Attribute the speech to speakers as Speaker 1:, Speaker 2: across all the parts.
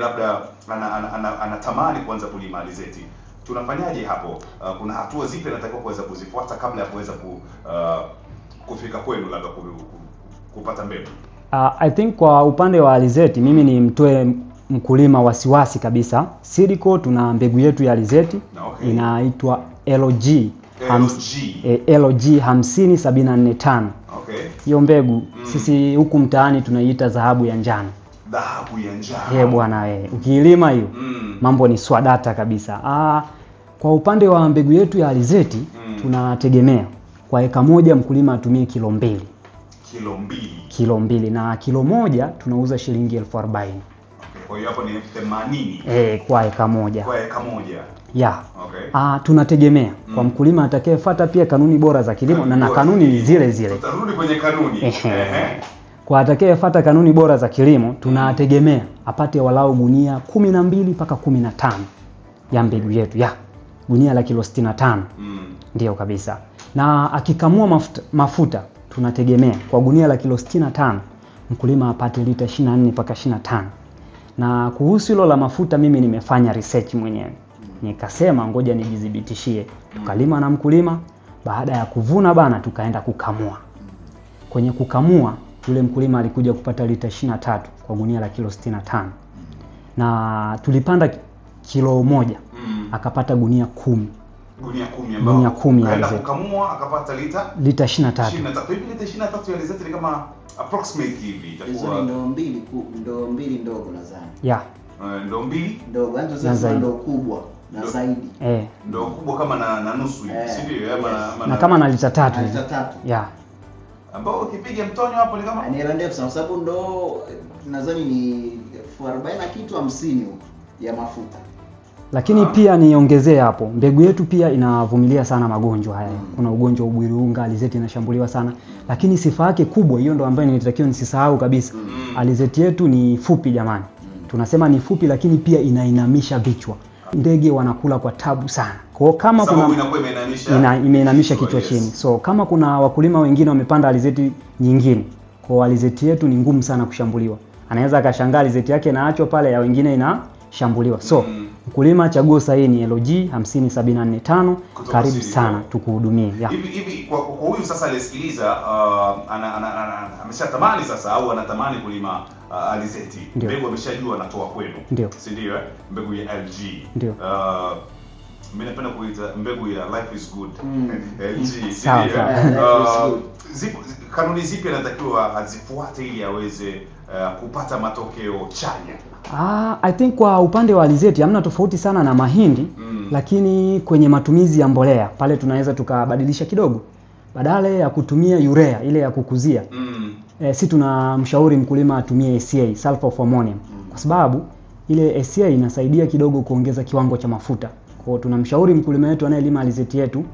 Speaker 1: mwingine labda anatamani ana, ana, ana kuanza kulima alizeti, tunafanyaje hapo? Uh, kuna hatua zipi anatakiwa kuweza kuzifuata kabla ya kuweza ku, uh, kufika kwenu labda ku, ku, kupata mbegu?
Speaker 2: Uh, I think kwa upande wa alizeti mimi ni mtoe mkulima wasiwasi kabisa. Silico tuna mbegu yetu ya alizeti okay. inaitwa LG LG 50745 hiyo mbegu mm. Sisi huku mtaani tunaiita dhahabu ya njano
Speaker 1: dhahabu ya njaa.
Speaker 2: Eh, bwana wewe. Eh, Ukiilima hiyo mm. mambo ni swadata kabisa. Aa, ah, kwa upande wa mbegu yetu ya alizeti mm. tunategemea kwa eka moja mkulima atumie kilo mbili.
Speaker 1: Kilo mbili.
Speaker 2: Kilo mbili na kilo moja tunauza shilingi elfu arobaini.
Speaker 1: kwa hiyo hapo ni elfu themanini.
Speaker 2: Eh, kwa eka moja.
Speaker 1: Kwa eka moja. Ya. Okay. Ah,
Speaker 2: tunategemea mm. kwa mkulima atakayefuata pia kanuni bora za kilimo na na kanuni ni zile zile.
Speaker 1: Tutarudi kwenye kanuni.
Speaker 2: Kwa atakayefuata kanuni bora za kilimo tunategemea apate walau gunia kumi na mbili mpaka kumi na tano ya mbegu yetu ya gunia la kilo 65. Mm. Ndio kabisa. Na akikamua mafuta, mafuta tunategemea kwa gunia la kilo 65 mkulima apate lita 24 mpaka 25. Na kuhusu hilo la mafuta mimi nimefanya research mwenyewe. Nikasema ngoja nijidhibitishie. Tukalima na mkulima, baada ya kuvuna bana tukaenda kukamua. Kwenye kukamua yule mkulima alikuja kupata lita 23 kwa gunia la kilo 65 na tulipanda kilo moja mm. akapata gunia kumi gunia kumi ya alizeti
Speaker 1: kamua akapata lita lita 23 23 hivi lita 23 ya alizeti ni kama approximate hivi
Speaker 3: itakuwa ndo mbili ndo mbili ndogo nadhani
Speaker 2: yeah
Speaker 1: uh, mbili
Speaker 3: ndogo yani kubwa na ndo, zaidi
Speaker 2: eh
Speaker 1: kubwa kama na, na nusu hivi eh, yes.
Speaker 2: ama na, na kama na lita 3 lita 3 yeah
Speaker 1: ambao ukipiga mtonyo hapo ni kama
Speaker 3: hela ndefu sana, sababu ndo nadhani ni elfu arobaini na kitu hamsini huko ya mafuta
Speaker 2: lakini ah, pia niongezee hapo, mbegu yetu pia inavumilia sana magonjwa haya. Mm. Kuna ugonjwa wa ubwirunga, alizeti inashambuliwa sana, lakini sifa yake kubwa hiyo ndo ambayo nilitakiwa nisisahau kabisa. Mm. Alizeti yetu ni fupi jamani, mm. tunasema ni fupi, lakini pia inainamisha vichwa ndege wanakula kwa tabu sana. kwao kama Samu kuna imeinamisha kichwa yes, chini. So kama kuna wakulima wengine wamepanda alizeti nyingine, kwa alizeti yetu ni ngumu sana kushambuliwa. Anaweza akashangaa alizeti yake inaachwa pale ya wengine inashambuliwa. So mm. Mkulima chaguo sahihi ni LG 5745 Karibu sana tukuhudumie.
Speaker 1: Hivi hivi kwa huyu sasa alisikiliza, uh, ameshatamani sasa au anatamani kulima uh, alizeti. Mbegu ameshajua anatoa kwenu.
Speaker 2: Ndio. Si ndio
Speaker 1: eh? Mbegu ya LG.
Speaker 2: Ndio. Uh,
Speaker 1: mimi napenda kuita mbegu ya life is good. Mm. LG. Eh?
Speaker 3: Sawa. Uh,
Speaker 1: zipo kanuni zipi anatakiwa azifuate ili aweze uh, kupata matokeo chanya?
Speaker 2: Ah, I think kwa upande wa alizeti hamna tofauti sana na mahindi mm. Lakini kwenye matumizi ya mbolea pale tunaweza tukabadilisha kidogo, badala ya kutumia urea ile ya kukuzia mm. E, si tunamshauri mkulima atumie ACA sulfur of ammonium mm. Kwa sababu ile ACA inasaidia kidogo kuongeza kiwango cha mafuta. Kwa hiyo tunamshauri mkulima wetu anayelima alizeti yetu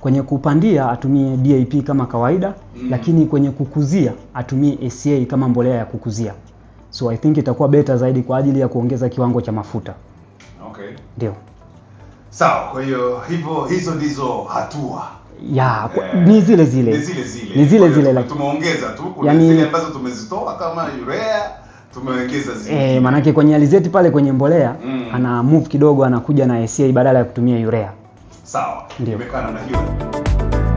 Speaker 2: kwenye kupandia atumie DAP kama kawaida mm. Lakini kwenye kukuzia atumie ACA kama mbolea ya kukuzia so I think itakuwa beta zaidi kwa ajili ya kuongeza kiwango cha mafuta. Okay, ndio
Speaker 1: sawa. Kwa hiyo hivyo, hizo ndizo hatua
Speaker 2: ya eh, ni zile zile ni zile zile ni zile zile, like,
Speaker 1: tumeongeza tu kuna yani, zile ambazo tumezitoa kama urea tumeongeza zile
Speaker 2: eh, manake kwenye alizeti pale kwenye mbolea mm, ana move kidogo, anakuja na SA badala ya kutumia urea.
Speaker 1: Sawa, ndio imekana na hiyo.